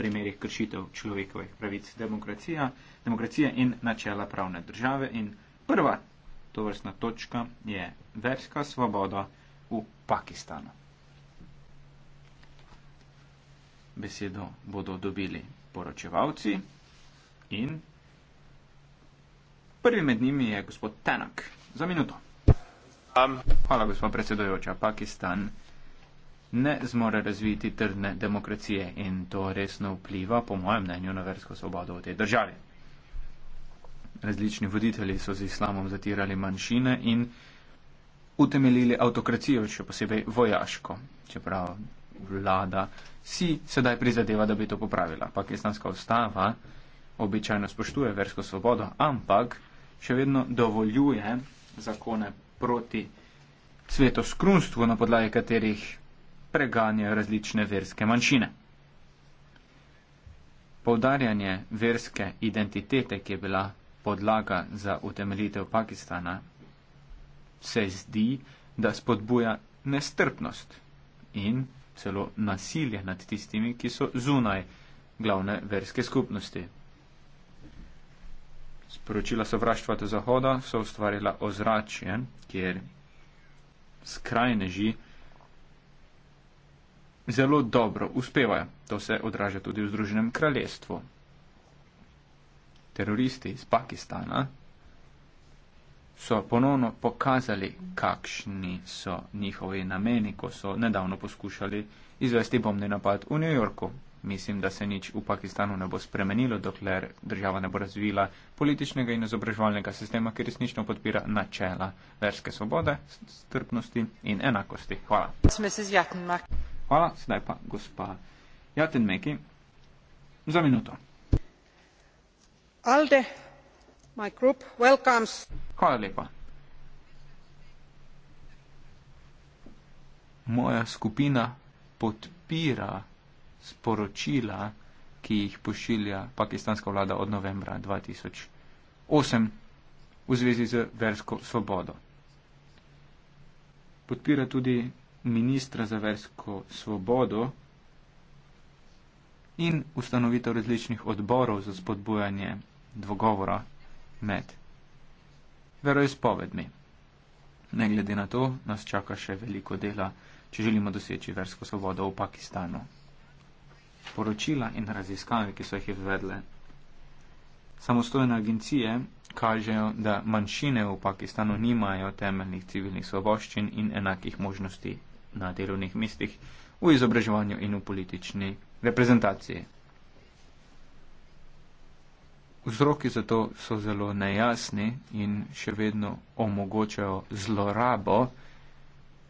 primerih kršitev človekovih pravic, demokracija, demokracija in načela pravne države. In prva tovrstna točka je verska svoboda v Pakistanu. Besedo bodo dobili poročevalci in prvi med njimi je gospod Tenak. Za minuto. Um. Hvala, gospod predsedujoča. Pakistan ne zmore razviti trdne demokracije in to resno vpliva, po mojem mnenju, na versko svobodo v tej državi. Različni voditelji so z islamom zatirali manjšine in utemeljili avtokracijo, še posebej vojaško, čeprav vlada si sedaj prizadeva, da bi to popravila. Pakistanska ustava običajno spoštuje versko svobodo, ampak še vedno dovoljuje zakone proti svetoskrunstvu, na podlagi katerih preganja različne verske manjšine. Poudarjanje verske identitete, ki je bila podlaga za utemeljitev Pakistana, se zdi, da spodbuja nestrpnost in celo nasilje nad tistimi, ki so zunaj glavne verske skupnosti. Sporočila sovraštva do Zahoda so ustvarila ozračje, kjer skrajneži zelo dobro uspevajo. To se odraža tudi v Združenem kraljestvu. Teroristi iz Pakistana so ponovno pokazali, kakšni so njihovi nameni, ko so nedavno poskušali izvesti bombni napad v New Yorku. Mislim, da se nič v Pakistanu ne bo spremenilo, dokler država ne bo razvila političnega in izobraževalnega sistema, ki resnično podpira načela verske svobode, strpnosti in enakosti. Hvala. Hvala, sedaj pa gospa Jaten Meki za minuto. Alde, my group welcomes. Hvala lepa. Moja skupina podpira sporočila, ki jih pošilja pakistanska vlada od novembra 2008 v zvezi z versko svobodo. Podpira tudi ministra za versko svobodo in ustanovitev različnih odborov za spodbujanje dvogovora med veroizpovedmi. Ne glede na to, nas čaka še veliko dela, če želimo doseči versko svobodo v Pakistanu. Poročila in raziskave, ki so jih izvedle samostojne agencije, kažejo, da manjšine v Pakistanu nimajo temeljnih civilnih svoboščin in enakih možnosti na delovnih mestih, v izobraževanju in v politični reprezentaciji. Vzroki za to so zelo nejasni in še vedno omogočajo zlorabo,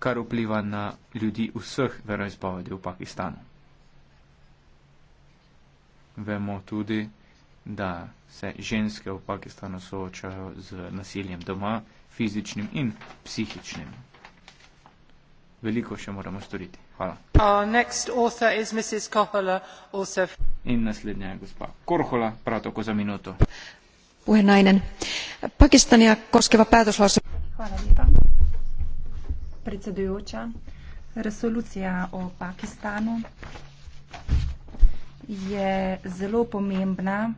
kar vpliva na ljudi vseh veroizpovedi v Pakistanu. Vemo tudi, da se ženske v Pakistanu soočajo z nasiljem doma, fizičnim in psihičnim veliko še moramo storiti. Hvala. Kohola, in naslednja je gospa Korhola, prav tako za minuto. Puhenainen. Pakistanija koskeva päätöslause. Hvala lepa. Predsedujoča, resolucija o Pakistanu je zelo pomembna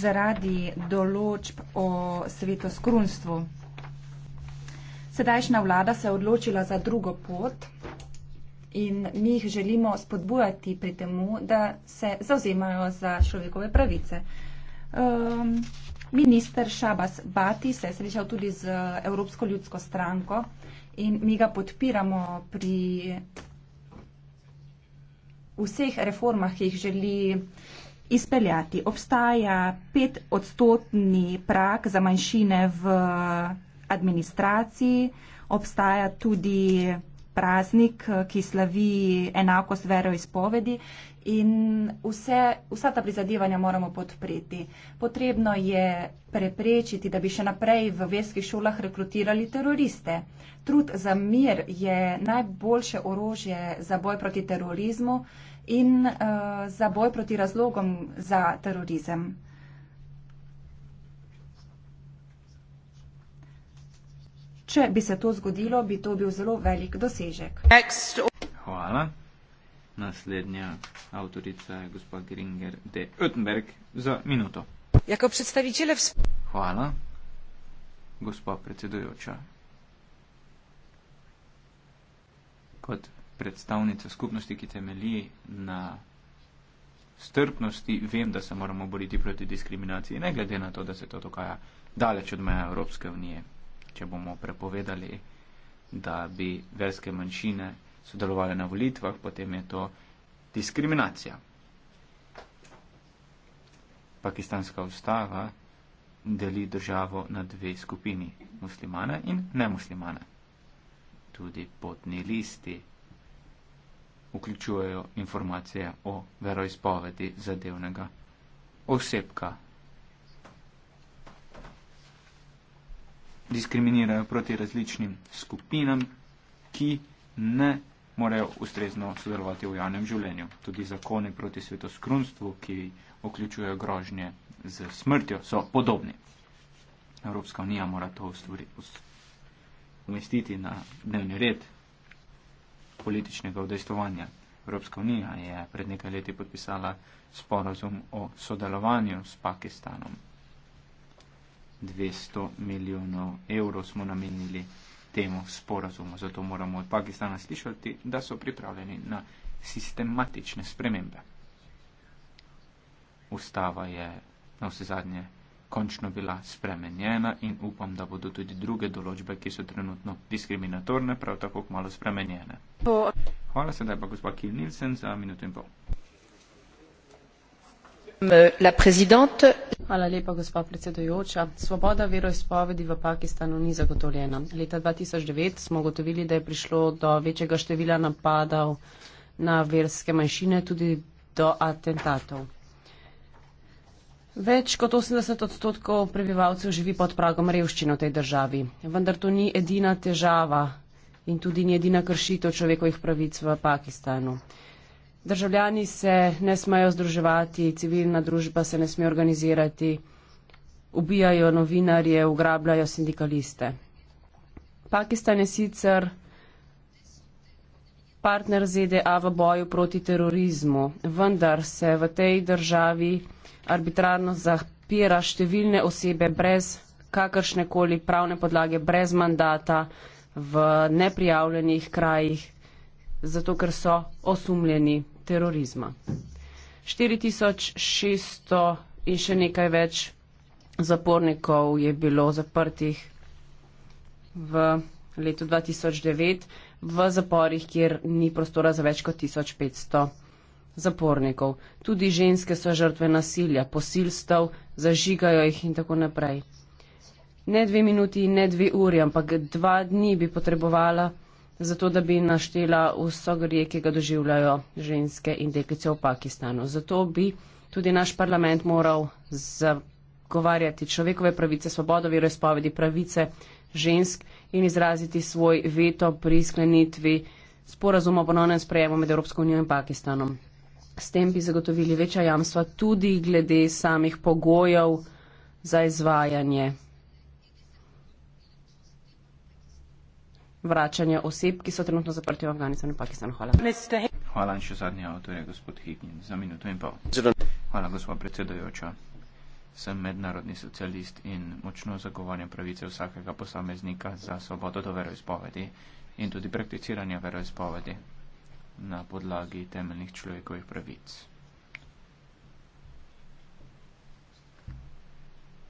zaradi določb o svetoskrunstvu. Sedajšnja vlada se je odločila za drugo pot in mi jih želimo spodbujati pri temu, da se zauzemajo za človekove pravice. Um, minister Šabas Bati se je srečal tudi z Evropsko ljudsko stranko in mi ga podpiramo pri vseh reformah, ki jih želi izpeljati. Obstaja pet odstotni prak za manjšine v administraciji, obstaja tudi praznik, ki slavi enakost veroizpovedi in vse, vsa ta prizadevanja moramo podpreti. Potrebno je preprečiti, da bi še naprej v verskih šolah rekrutirali teroriste. Trud za mir je najboljše orožje za boj proti terorizmu in uh, za boj proti razlogom za terorizem. Če bi se to zgodilo, bi to bil zelo velik dosežek. Hvala. Naslednja avtorica je gospod Gringer de Utenberg za minuto. Jako predstavitele vsp... Hvala, gospod predsedujoča. Kot predstavnica skupnosti, ki temelji na strpnosti, vem, da se moramo boriti proti diskriminaciji, ne glede na to, da se to dogaja daleč od meja Evropske unije če bomo prepovedali, da bi verske manjšine sodelovali na volitvah, potem je to diskriminacija. Pakistanska ustava deli državo na dve skupini, muslimane in nemuslimane. Tudi potni listi vključujejo informacije o veroizpovedi zadevnega osebka. diskriminirajo proti različnim skupinam, ki ne morejo ustrezno sodelovati v javnem življenju. Tudi zakone proti svetoskrunstvu, ki vključujejo grožnje z smrtjo, so podobni. Evropska unija mora to umestiti na dnevni red političnega odestovanja. Evropska unija je pred nekaj leti podpisala sporozum o sodelovanju s Pakistanom. 200 milijonov evrov smo namenili temu sporazumu. Zato moramo od Pakistana slišati, da so pripravljeni na sistematične spremembe. Ustava je na vse zadnje končno bila spremenjena in upam, da bodo tudi druge določbe, ki so trenutno diskriminatorne, prav tako malo spremenjene. Hvala sedaj pa gospa Kim Nielsen za minuto in pol. La présidente, Hvala lepa, gospa predsedujoča. Svoboda veroizpovedi v Pakistanu ni zagotovljena. Leta 2009 smo ugotovili, da je prišlo do večjega števila napadov na verske manjšine, tudi do atentatov. Več kot 80 odstotkov prebivalcev živi pod pragom revščine v tej državi. Vendar to ni edina težava in tudi ni edina kršitev človekovih pravic v Pakistanu. Državljani se ne smejo združevati, civilna družba se ne sme organizirati, ubijajo novinarje, ugrabljajo sindikaliste. Pakistan je sicer partner ZDA v boju proti terorizmu, vendar se v tej državi arbitrarno zapira številne osebe brez kakršnekoli pravne podlage, brez mandata v neprijavljenih krajih, zato ker so osumljeni terorizma. 4600 in še nekaj več zapornikov je bilo zaprtih v letu 2009 v zaporih, kjer ni prostora za več kot 1500 zapornikov. Tudi ženske so žrtve nasilja, posilstev, zažigajo jih in tako naprej. Ne dve minuti, ne dve uri, ampak dva dni bi potrebovala zato da bi naštela vso grije, ki ga doživljajo ženske in deklice v Pakistanu. Zato bi tudi naš parlament moral zagovarjati človekove pravice, svobodo veroizpovedi, pravice žensk in izraziti svoj veto pri sklenitvi sporazuma o ponovnem sprejemu med Evropsko unijo in Pakistanom. S tem bi zagotovili večja jamstva tudi glede samih pogojev za izvajanje vračanje oseb, ki so trenutno zaprti v Afganistanu in Pakistanu. Hvala. Hvala in še zadnja avtorja, gospod Higgin, za minuto in pol. Hvala, gospod predsedojoča. Sem mednarodni socialist in močno zagovarjam pravice vsakega posameznika za svobodo do veroizpovedi in tudi prakticiranja veroizpovedi na podlagi temeljnih človekovih pravic.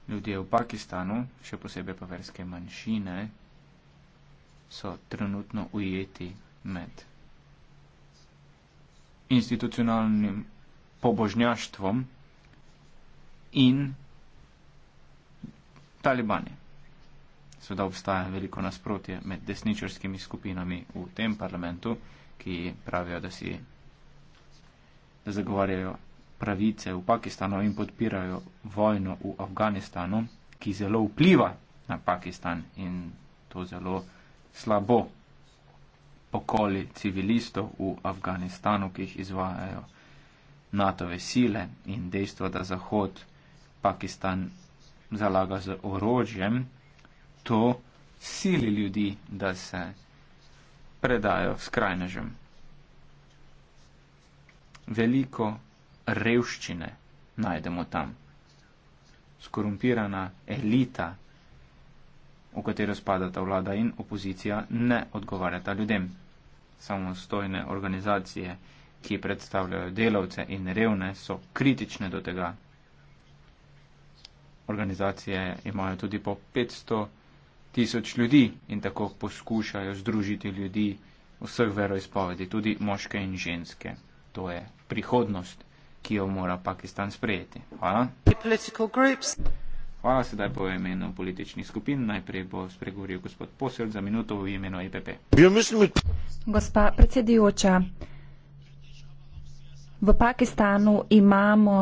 Ljudje v Pakistanu, še posebej pa verske manjšine, so trenutno ujeti med institucionalnim pobožnjaštvom in talibani. Sveda obstaja veliko nasprotje med desničarskimi skupinami v tem parlamentu, ki pravijo, da si da zagovarjajo pravice v Pakistanu in podpirajo vojno v Afganistanu, ki zelo vpliva na Pakistan in to zelo slabo pokoli civilistov v Afganistanu, ki jih izvajajo NATO-ve sile in dejstvo, da Zahod Pakistan zalaga z orožjem, to sili ljudi, da se predajo skrajnežem. Veliko revščine najdemo tam. Skorumpirana elita v katero spadata vlada in opozicija, ne odgovarjata ljudem. Samostojne organizacije, ki predstavljajo delavce in revne, so kritične do tega. Organizacije imajo tudi po 500 tisoč ljudi in tako poskušajo združiti ljudi vseh veroizpovedi, tudi moške in ženske. To je prihodnost, ki jo mora Pakistan sprejeti. Hvala. Hvala, sedaj po imenu političnih skupin. Najprej bo spregovoril gospod Posel za minuto v imenu EPP. Ja, Gospa predsedujoča, v Pakistanu imamo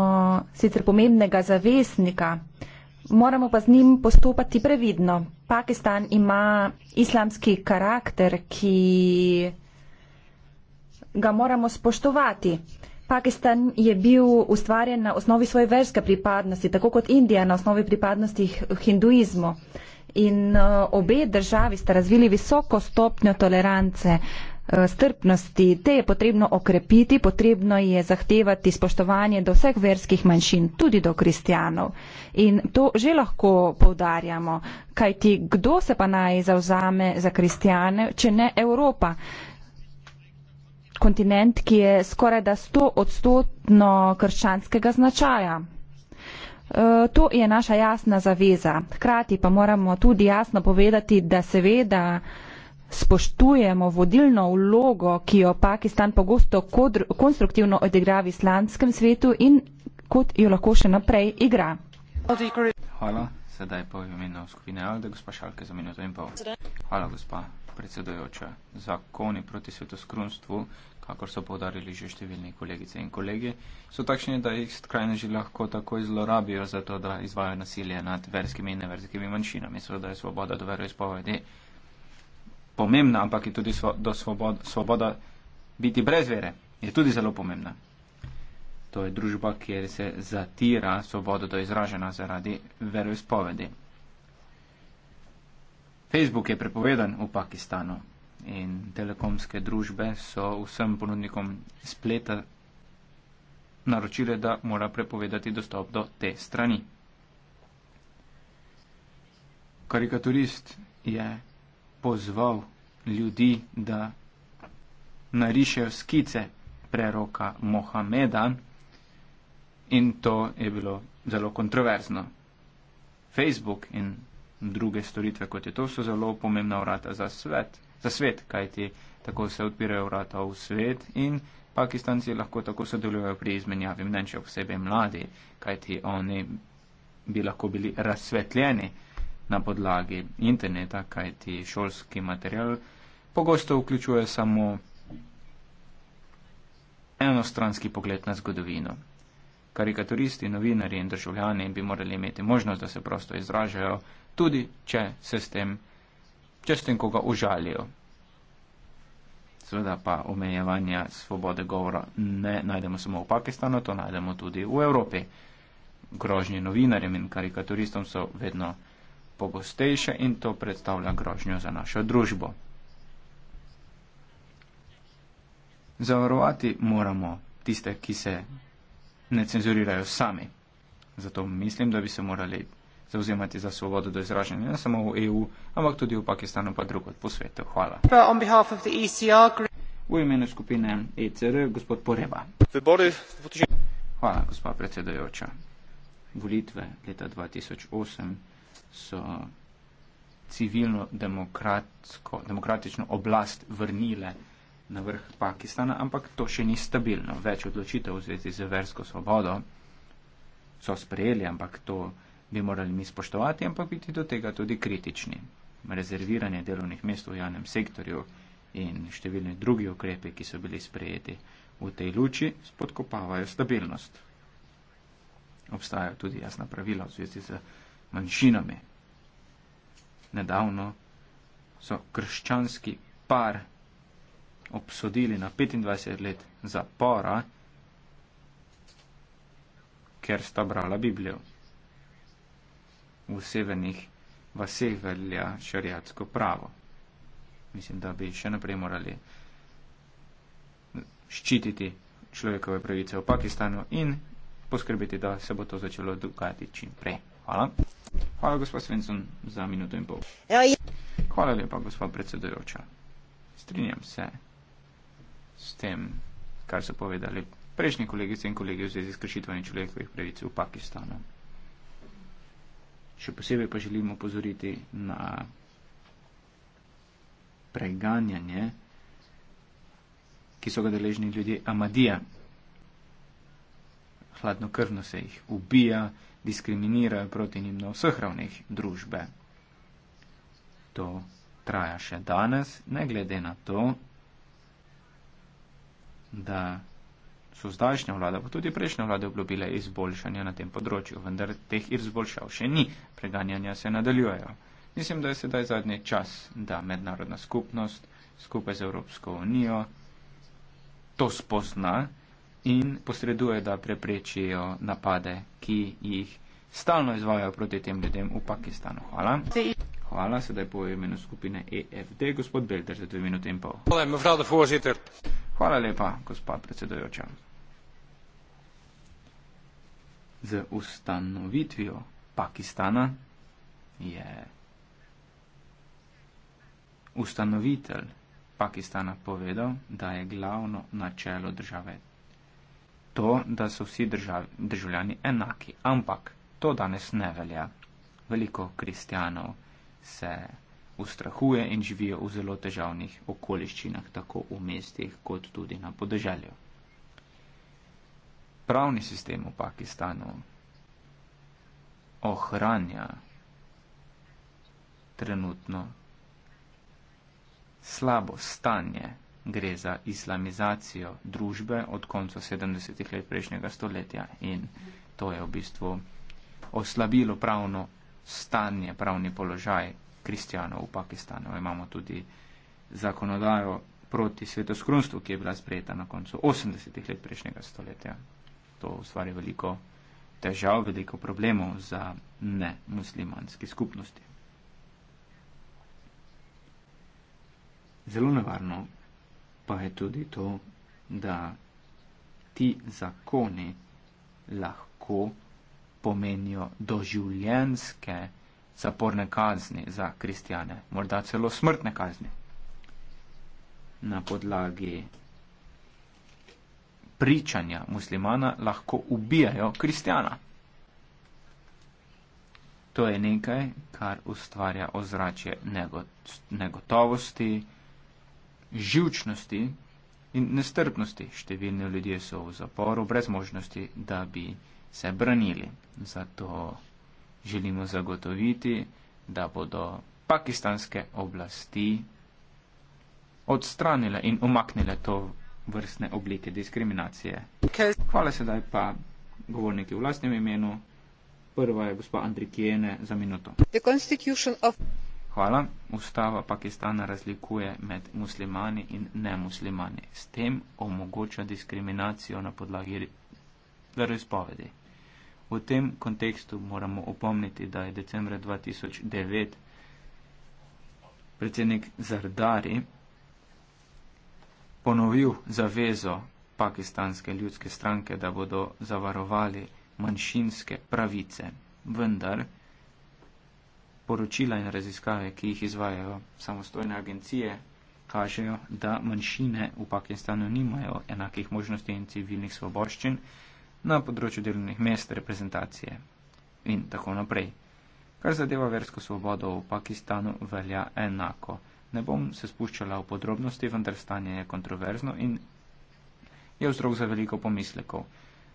sicer pomembnega zavesnika, moramo pa z njim postopati previdno. Pakistan ima islamski karakter, ki ga moramo spoštovati. Pakistan je bil ustvarjen na osnovi svoje verske pripadnosti, tako kot Indija na osnovi pripadnosti hinduizmu. In uh, obe državi sta razvili visoko stopnjo tolerance, uh, strpnosti, te je potrebno okrepiti, potrebno je zahtevati spoštovanje do vseh verskih manjšin, tudi do kristijanov. In to že lahko poudarjamo, kajti kdo se pa naj zauzame za kristijane, če ne Evropa. Uh, kontinent, ki je skoraj da sto odstotno krščanskega značaja. E, to je naša jasna zaveza. Hkrati pa moramo tudi jasno povedati, da seveda spoštujemo vodilno vlogo, ki jo Pakistan pogosto konstruktivno odigra v islamskem svetu in kot jo lahko še naprej igra. Hvala. Sedaj pa v imenu skupine Alde, gospa Šalke, za minuto in pol. Hvala, gospa predsedojoča. Zakoni proti svetoskrunstvu, kakor so povdarili že številni kolegice in kolegi, so takšni, da jih skrajneži lahko takoj zlorabijo za to, da izvajo nasilje nad verskimi in neverskimi manjšinami. Mislim, da je svoboda do veroizpovedi pomembna, ampak je tudi svo, svobod, svoboda biti brez vere. Je tudi zelo pomembna. To je družba, kjer se zatira svobodo do izražena zaradi veroizpovedi. Facebook je prepovedan v Pakistanu, in telekomske družbe so vsem ponudnikom spleta naročile, da mora prepovedati dostop do te strani. Karikaturist je pozval ljudi, da narišejo skice preroka Mohameda in to je bilo zelo kontroverzno. Facebook in druge storitve kot je to so zelo pomembna vrata za svet za svet, kajti tako se odpirajo vrata v svet in Pakistanci lahko tako sodelujejo pri izmenjavi mnen, še posebej mladi, kajti oni bi lahko bili razsvetljeni na podlagi interneta, kajti šolski material pogosto vključuje samo enostranski pogled na zgodovino. Karikaturisti, novinari in državljani bi morali imeti možnost, da se prosto izražajo, tudi če se s tem čestim, ko ga užalijo. Seveda pa omejevanja svobode govora ne najdemo samo v Pakistanu, to najdemo tudi v Evropi. Grožnje novinarjem in karikaturistom so vedno pogostejše in to predstavlja grožnjo za našo družbo. Zavarovati moramo tiste, ki se ne cenzurirajo sami. Zato mislim, da bi se morali zauzemati za svobodo do izražanja, ne samo v EU, ampak tudi v Pakistanu pa drugod po svetu. Hvala. E v imenu skupine ECR, gospod Poreba. Hvala, gospa predsedajoča. Volitve leta 2008 so civilno-demokratično oblast vrnile na vrh Pakistana, ampak to še ni stabilno. Več odločitev v zvezi z versko svobodo so sprejeli, ampak to bi morali mi spoštovati, ampak biti do tega tudi kritični. Rezerviranje delovnih mest v javnem sektorju in številni drugi ukrepe, ki so bili sprejeti v tej luči, spodkopavajo stabilnost. Obstajajo tudi jasna pravila v zvezi z manjšinami. Nedavno so krščanski par obsodili na 25 let zapora, ker sta brala Biblijo v severnih vaseh velja šariatsko pravo. Mislim, da bi še naprej morali ščititi človekove pravice v Pakistanu in poskrbeti, da se bo to začelo dogajati čim prej. Hvala. Hvala, gospod Svensson, za minuto in pol. Hvala lepa, gospod predsedujoča. Strinjam se s tem, kar so povedali prejšnji kolegice in kolegi v zvezi s kršitvami človekovih pravic v Pakistanu še posebej pa želim opozoriti na preganjanje, ki so ga deležni ljudje Amadija. Hladnokrvno se jih ubija, diskriminira proti njim na vseh ravneh družbe. To traja še danes, ne glede na to, da so zdajšnja vlada, pa tudi prejšnja vlada obljubile izboljšanja na tem področju, vendar teh izboljšav še ni, preganjanja se nadaljujejo. Mislim, da je sedaj zadnji čas, da mednarodna skupnost skupaj z Evropsko unijo to spozna in posreduje, da preprečijo napade, ki jih stalno izvajajo proti tem ljudem v Pakistanu. Hvala. Sej. Hvala. Sedaj po imenu skupine EFD, gospod Belder, za dve minute in pol. Hvala, mevrouw de voorzitter. Hvala lepa, gospod predsedojoča. Z ustanovitvijo Pakistana je ustanovitelj Pakistana povedal, da je glavno načelo države to, da so vsi držav, državljani enaki. Ampak to danes ne velja. Veliko kristijanov se ustrahuje in živijo v zelo težavnih okoliščinah, tako v mestih kot tudi na podeželju. Pravni sistem v Pakistanu ohranja trenutno slabo stanje, gre za islamizacijo družbe od konca 70-ih let prejšnjega stoletja in to je v bistvu oslabilo pravno stanje, pravni položaj kristijanov v Pakistanu. Imamo tudi zakonodajo proti svetoskrunstvu, ki je bila sprejeta na koncu 80-ih let prejšnjega stoletja. To ustvari veliko težav, veliko problemov za ne muslimanske skupnosti. Zelo nevarno pa je tudi to, da ti zakoni lahko pomenijo doživljenske zaporne kazni za kristijane, morda celo smrtne kazni. Na podlagi pričanja muslimana lahko ubijajo kristijana. To je nekaj, kar ustvarja ozračje negotovosti, živčnosti in nestrpnosti. Številni ljudje so v zaporu brez možnosti, da bi se branili. Zato želimo zagotoviti, da bodo pakistanske oblasti odstranile in umaknile to vrstne oblike diskriminacije. Hvala sedaj pa govorniki v lastnem imenu. Prva je gospod Andrikijene za minuto. Hvala. Ustava Pakistana razlikuje med muslimani in nemuslimani. S tem omogoča diskriminacijo na podlagi veroizpovedi. V tem kontekstu moramo opomniti, da je decembra 2009 predsednik Zardari ponovil zavezo pakistanske ljudske stranke, da bodo zavarovali manjšinske pravice. Vendar poročila in raziskave, ki jih izvajajo samostojne agencije, kažejo, da manjšine v Pakistanu nimajo enakih možnosti in civilnih svoboščin na področju delovnih mest, reprezentacije in tako naprej. Kar zadeva versko svobodo v Pakistanu, velja enako. Ne bom se spuščala v podrobnosti, vendar stanje je kontroverzno in je vzrok za veliko pomislekov.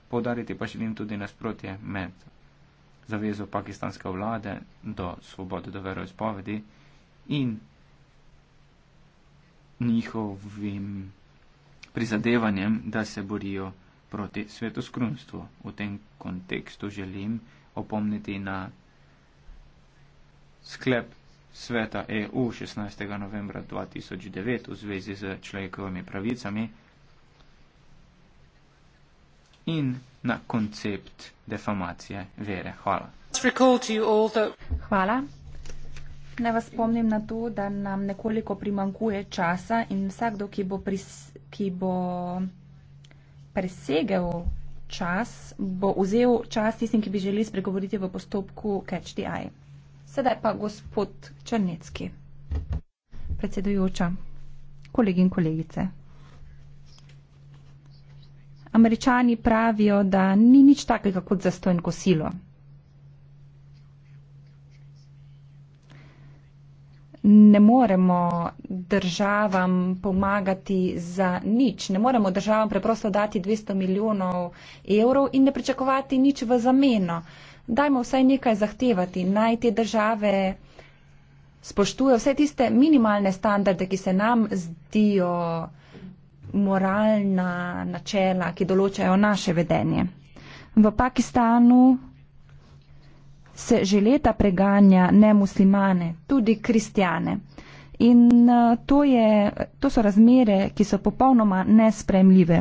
Povdariti pa želim tudi nasprotje med zavezo pakistanske vlade do svobode do veroizpovedi in njihovim prizadevanjem, da se borijo proti svetoskrunstvu. V tem kontekstu želim opomniti na sklep sveta EU 16. novembra 2009 v zvezi z človekovimi pravicami in na koncept defamacije vere. Hvala. Hvala. Naj vas spomnim na to, da nam nekoliko primankuje časa in vsakdo, ki bo, pris, ki bo presegel čas, bo vzel čas tistim, ki bi želeli spregovoriti v postopku Catch the Eye. Sedaj pa gospod Črnecki, predsedujoča, kolegi in kolegice. Američani pravijo, da ni nič takega kot zastojn kosilo. ne moremo državam pomagati za nič. Ne moremo državam preprosto dati 200 milijonov evrov in ne pričakovati nič v zameno. Dajmo vsaj nekaj zahtevati. Naj te države spoštuje vse tiste minimalne standarde, ki se nam zdijo moralna načela, ki določajo naše vedenje. V Pakistanu se že leta preganja nemuslimane, tudi kristijane. In eh, to, je, to so razmere, ki so popolnoma nespremljive.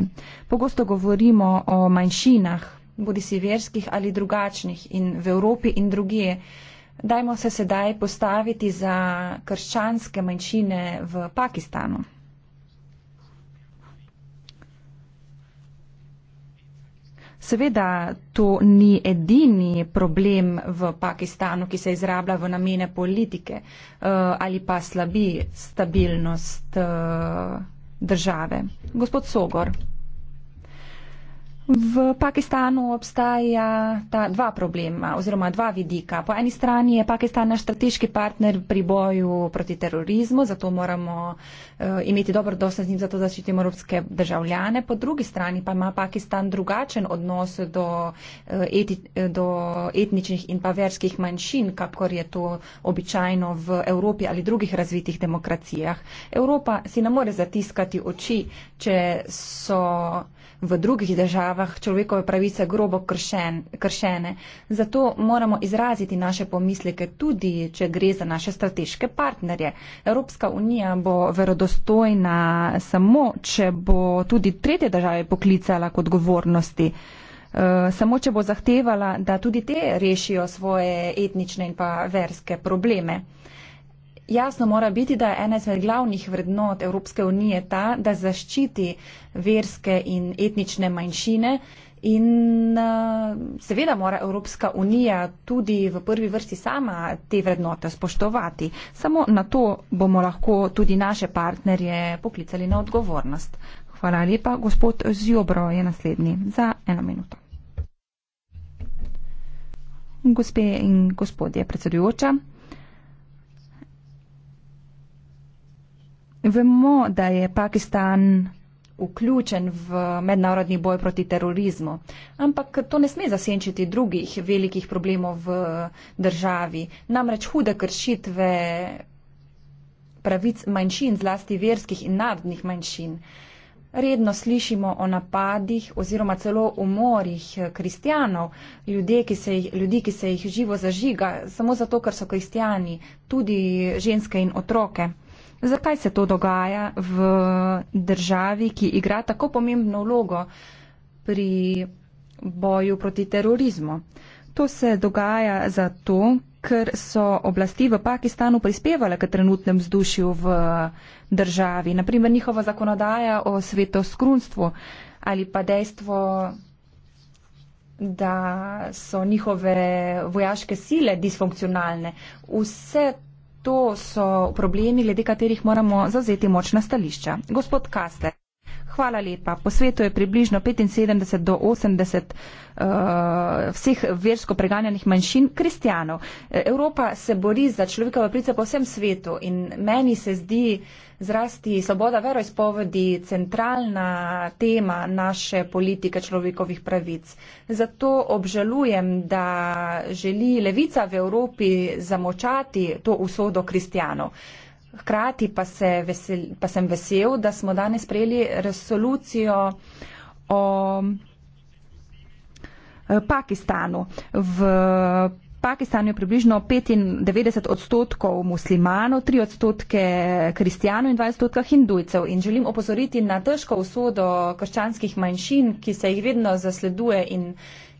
Pogosto govorimo o manjšinah, bodi si verskih ali drugačnih, in v Evropi in druge. Dajmo se sedaj postaviti za krščanske manjšine v Pakistanu. Seveda to ni edini problem v Pakistanu, ki se izrablja v namene politike eh, ali pa slabi stabilnost eh, države. Gospod Sogor. V Pakistanu obstaja ta dva problema oziroma dva vidika. Po eni strani je Pakistan naš strateški partner pri boju proti terorizmu, zato moramo uh, imeti dobro dosto z njim, zato zaščitimo evropske državljane. Po drugi strani pa ima Pakistan drugačen odnos do, uh, eti, do etničnih in pa verskih manjšin, kakor je to običajno v Evropi ali drugih razvitih demokracijah. Evropa si ne more zatiskati oči, če so v drugih državah človekove pravice grobo kršen, kršene. Zato moramo izraziti naše pomisleke tudi, če gre za naše strateške partnerje. Evropska unija bo verodostojna samo, če bo tudi tretje države poklicala k odgovornosti. Eh, samo, če bo zahtevala, da tudi te rešijo svoje etnične in pa verske probleme jasno mora biti, da je ena izmed glavnih vrednot Evropske unije ta, da zaščiti verske in etnične manjšine. In eh, seveda mora Evropska unija tudi v prvi vrsti sama te vrednote spoštovati. Samo na to bomo lahko tudi naše partnerje poklicali na odgovornost. Hvala lepa. Gospod Zjobro je naslednji za eno minuto. Gospe in gospodje predsedujoča. Vemo, da je Pakistan vključen v mednarodni boj proti terorizmu, ampak to ne sme zasenčiti drugih velikih problemov v državi. Namreč hude kršitve pravic manjšin, zlasti verskih in narodnih manjšin. Redno slišimo o napadih oziroma celo umorih kristijanov, ki se jih, ljudi, ki se jih živo zažiga, samo zato, ker so kristijani, tudi ženske in otroke. Zakaj se to dogaja v državi, ki igra tako pomembno vlogo pri boju proti terorizmu? To se dogaja zato, ker so oblasti v Pakistanu prispevale k trenutnem vzdušju v državi. Naprimer, njihova zakonodaja o svetoskrunstvu ali pa dejstvo, da so njihove vojaške sile disfunkcionalne. Vse to so problemi, glede katerih moramo zazeti močna stališča. Gospod Kaste. Hvala lepa. Po svetu je približno 75 do 80 uh, eh, vseh versko preganjanih manjšin kristijanov. Eh, Evropa se bori za človekove pravice po vsem svetu in meni se zdi zrasti svoboda veroizpovedi centralna tema naše politike človekovih pravic. Zato obžalujem, da želi levica v Evropi zamočati to usodo kristijanov. Uh, hkrati pa, se vesel, pa sem vesel, da smo danes prejeli resolucijo o eh, Pakistanu. V Pakistanu je približno 95 odstotkov muslimanov, 3 odstotke kristijanov in 2 odstotka hindujcev. In želim opozoriti na težko usodo krščanskih manjšin, ki se jih vedno zasleduje in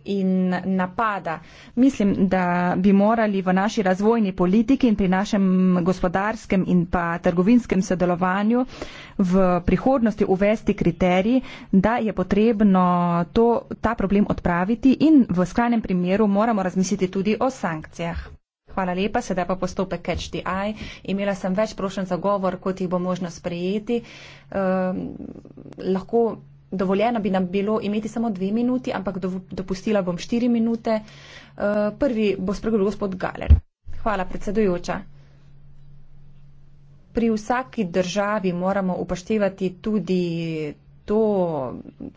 in napada. Mislim, da bi morali v naši razvojni politiki in pri našem gospodarskem in pa trgovinskem sodelovanju v prihodnosti uvesti kriterij, da je potrebno to, ta problem odpraviti in v skrajnem primeru moramo razmisliti tudi o sankcijah. Hvala lepa, sedaj pa postopek Catch the Eye. Imela sem več prošen za govor, kot jih bo možno sprejeti. Uh, lahko dovoljena bi nam bilo imeti samo dve minuti, ampak do, dopustila bom štiri minute. Eh, prvi bo spregovoril gospod Galer. Hvala, predsedujoča. Pri vsaki državi moramo upoštevati tudi to,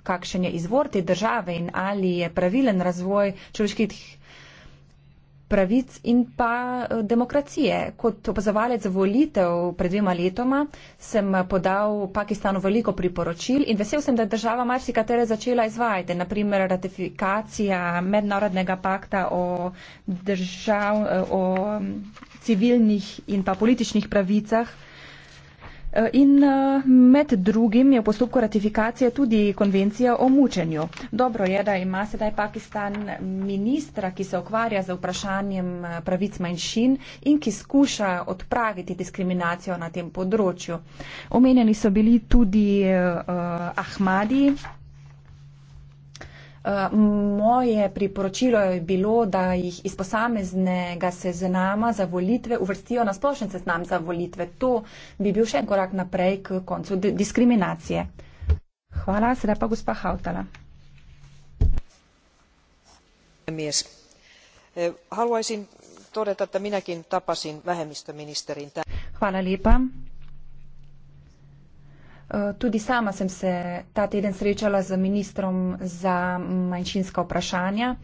kakšen je izvor te države in ali je pravilen razvoj človeških pravic in pa eh, demokracije. Kot opazovalec volitev pred dvema letoma sem podal Pakistanu veliko priporočil in vesel sem, da je država marsikatere začela izvajati, naprimer ratifikacija mednarodnega pakta o, držav, eh, o mm, civilnih in pa političnih pravicah. In eh, med drugim je v postopku ratifikacije tudi konvencija o mučenju. Dobro je, da ima sedaj Pakistan ministra, ki se ukvarja z vprašanjem eh, pravic manjšin in ki skuša odpraviti diskriminacijo na tem področju. Omenjeni so bili tudi uh, Ahmadi, Eh, moje priporočilo je bilo, da jih iz posameznega seznama za volitve uvrstijo na splošen seznam za volitve. To bi bil še en korak naprej k koncu diskriminacije. Hvala, sedaj pa gospa Hautala. Mies. Eh, haluaisin todeta, että minäkin tapasin vähemmistöministerin. Hvala lepa. Eh, tudi sama sem se ta teden srečala z ministrom za manjšinska vprašanja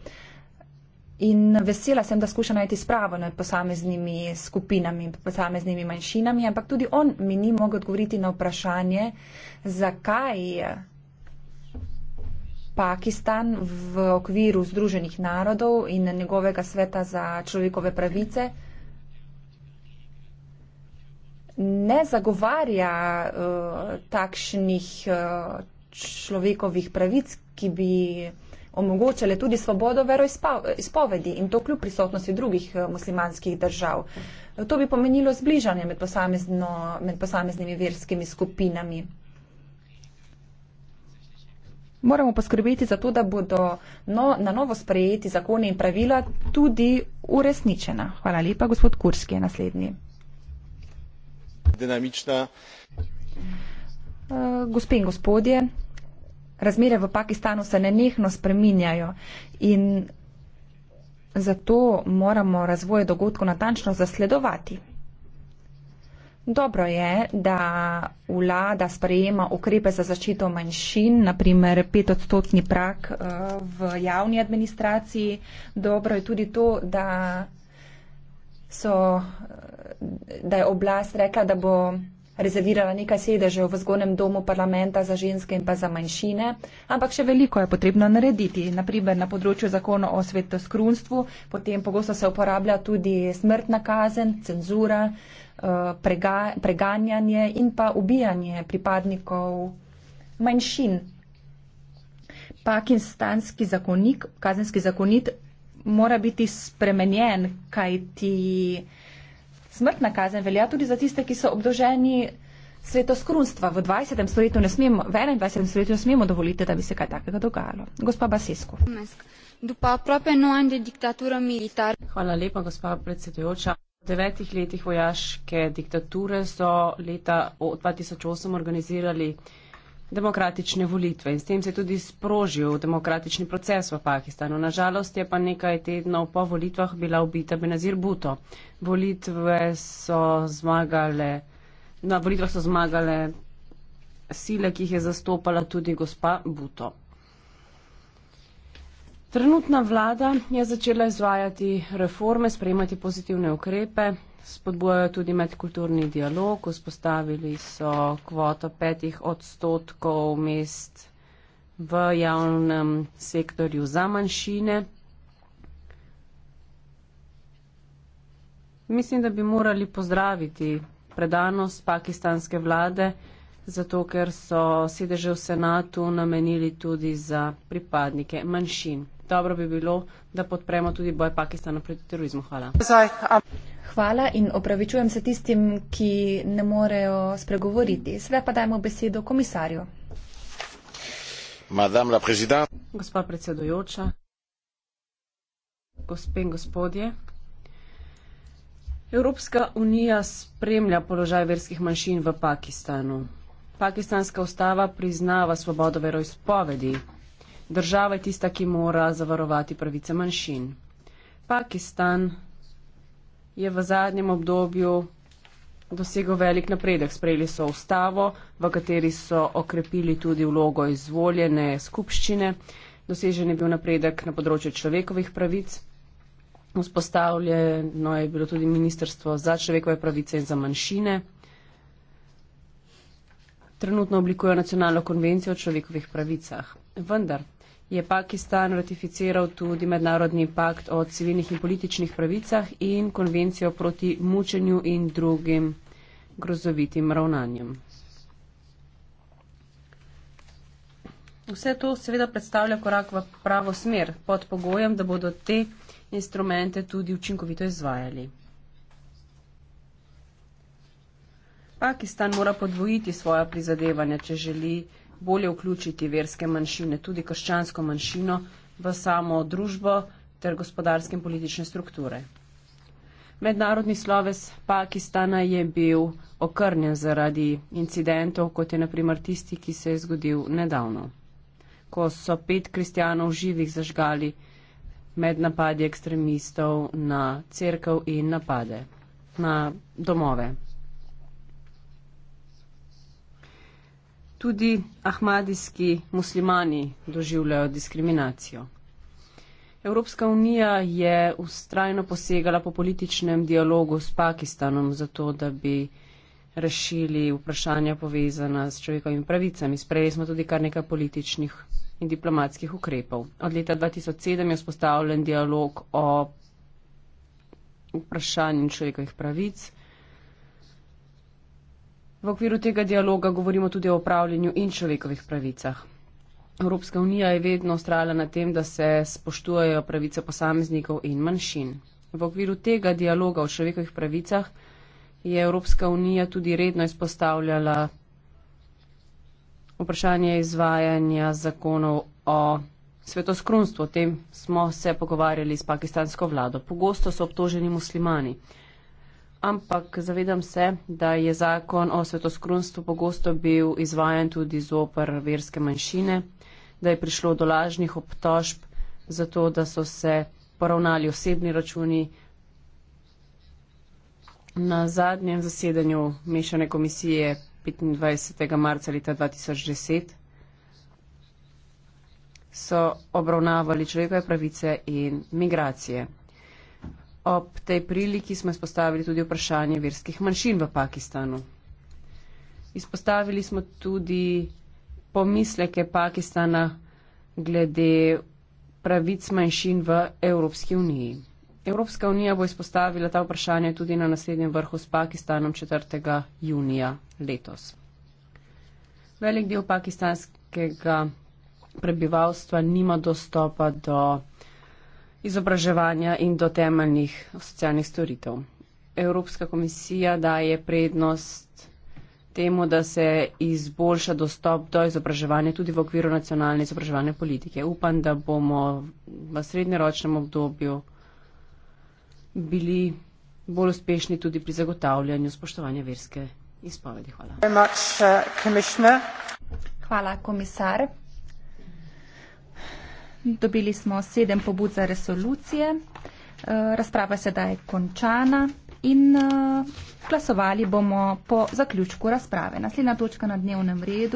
in vesela sem, da skuša najti spravo nad posameznimi skupinami, posameznimi manjšinami, ampak tudi on mi ni mogel odgovoriti na vprašanje, zakaj Pakistan v okviru Združenih narodov in njegovega sveta za človekove pravice ne zagovarja uh, takšnih uh, človekovih pravic, ki bi omogočale tudi svobodo veroizpovedi in to kljub prisotnosti drugih eh, muslimanskih držav. To bi pomenilo zbližanje med, posamezno, med posameznimi verskimi skupinami. Moramo poskrbeti za to, da bodo no, na novo sprejeti zakone in pravila tudi uresničena. Hvala lepa, gospod Kurski je naslednji dinamična. Eh, gospe in gospodje, razmere v Pakistanu se nenehno spreminjajo in zato moramo razvoj dogodkov natančno zasledovati. Dobro je, da vlada sprejema ukrepe za zaščito manjšin, naprimer petodstotni prak eh, v javni administraciji. Dobro je tudi to, da so, da je oblast rekla, da bo rezervirala nekaj sedežev v zgornjem domu parlamenta za ženske in pa za manjšine, ampak še veliko je potrebno narediti. Naprimer na področju zakona o svetoskrunstvu, potem pogosto se uporablja tudi smrtna kazen, cenzura, eh, prega, preganjanje in pa ubijanje pripadnikov manjšin. Pakistanski zakonik, kazenski zakonit mora biti spremenjen, kaj ti smrtna kazen velja tudi za tiste, ki so obdoženi svetoskrunstva. V 20. stoletju ne smemo, v 21. stoletju ne smemo dovoliti, da bi se kaj takega dogajalo. Gospa Basesko. Hvala lepa, gospa predsedujoča. V devetih letih vojaške diktature so leta 2008 organizirali demokratične volitve in s tem se je tudi sprožil demokratični proces v Pakistanu. Nažalost je pa nekaj tednov po volitvah bila ubita Benazir Buto. Volitve so zmagale, na volitvah so zmagale sile, ki jih je zastopala tudi gospa Buto. Trenutna vlada je začela izvajati reforme, sprejemati pozitivne ukrepe, spodbujajo tudi medkulturni dialog, vzpostavili so kvoto petih odstotkov mest v javnem sektorju za manjšine. Mislim, da bi morali pozdraviti predanost pakistanske vlade, zato ker so sedeže v senatu namenili tudi za pripadnike manjšin. Dobro bi bilo, da podpremo tudi boj Pakistana proti terorizmu. Hvala. Zaj, a... Hvala in opravičujem se tistim, ki ne morejo spregovoriti. Sedaj pa dajmo besedo komisarju. Gospa predsedujoča, gospe in gospodje, Evropska unija spremlja položaj verskih manjšin v Pakistanu. Pakistanska ustava priznava svobodo veroizpovedi. Država je tista, ki mora zavarovati pravice manjšin. Pakistan je v zadnjem obdobju dosegel velik napredek. Sprejeli so ustavo, v kateri so okrepili tudi vlogo izvoljene skupščine. Dosežen je bil napredek na področju človekovih pravic. Vzpostavljeno je bilo tudi Ministrstvo za človekove pravice in za manjšine. Trenutno oblikujejo nacionalno konvencijo o človekovih pravicah. Vendar je Pakistan ratificiral tudi mednarodni pakt o civilnih in političnih pravicah in konvencijo proti mučenju in drugim grozovitim ravnanjem. Vse to seveda predstavlja korak v pravo smer pod pogojem, da bodo te instrumente tudi učinkovito izvajali. Pakistan mora podvojiti svoja prizadevanja, če želi bolje vključiti verske manjšine, tudi krščansko manjšino, v samo družbo ter gospodarske in politične strukture. Mednarodni sloves Pakistana je bil okrnjen zaradi incidentov, kot je naprimer tisti, ki se je zgodil nedavno, ko so pet kristijanov živih zažgali med napadi ekstremistov na crkv in napade na domove. Tudi ahmadijski muslimani doživljajo diskriminacijo. Evropska unija je ustrajno posegala po političnem dialogu s Pakistanom, zato da bi rešili vprašanja povezana s človekovimi pravicami. Sprejeli smo tudi kar nekaj političnih in diplomatskih ukrepov. Od leta 2007 je vzpostavljen dialog o vprašanju človekovih pravic. V okviru tega dialoga govorimo tudi o upravljanju in človekovih pravicah. Evropska unija je vedno ustrajala na tem, da se spoštujejo pravice posameznikov in manjšin. V okviru tega dialoga o človekovih pravicah je Evropska unija tudi redno izpostavljala vprašanje izvajanja zakonov o svetoskrunstvu. O tem smo se pogovarjali s pakistansko vlado. Pogosto so obtoženi muslimani ampak zavedam se, da je zakon o svetoskrunstvu pogosto bil izvajan tudi z opr verske manjšine, da je prišlo do lažnih obtožb za to, da so se poravnali osebni računi. Na zadnjem zasedanju mešane komisije 25. marca leta 2010 so obravnavali človekove pravice in migracije ob tej priliki smo izpostavili tudi vprašanje verskih manjšin v Pakistanu. Izpostavili smo tudi pomisleke Pakistana glede pravic manjšin v Evropski uniji. Evropska unija bo izpostavila ta vprašanja tudi na naslednjem vrhu s Pakistanom 4. junija letos. Velik del pakistanskega prebivalstva nima dostopa do izobraževanja in do temeljnih socialnih storitev. Evropska komisija daje prednost temu, da se izboljša dostop do izobraževanja tudi v okviru nacionalne izobraževalne politike. Upam, da bomo v srednjeročnem obdobju bili bolj uspešni tudi pri zagotavljanju spoštovanja verske izpovedi. Hvala. Uh, Hvala, komisar. Dobili smo sedem pobud za resolucije. Eh, razprava je sedaj končana in eh, glasovali bomo po zaključku razprave. Naslednja točka na dnevnem redu.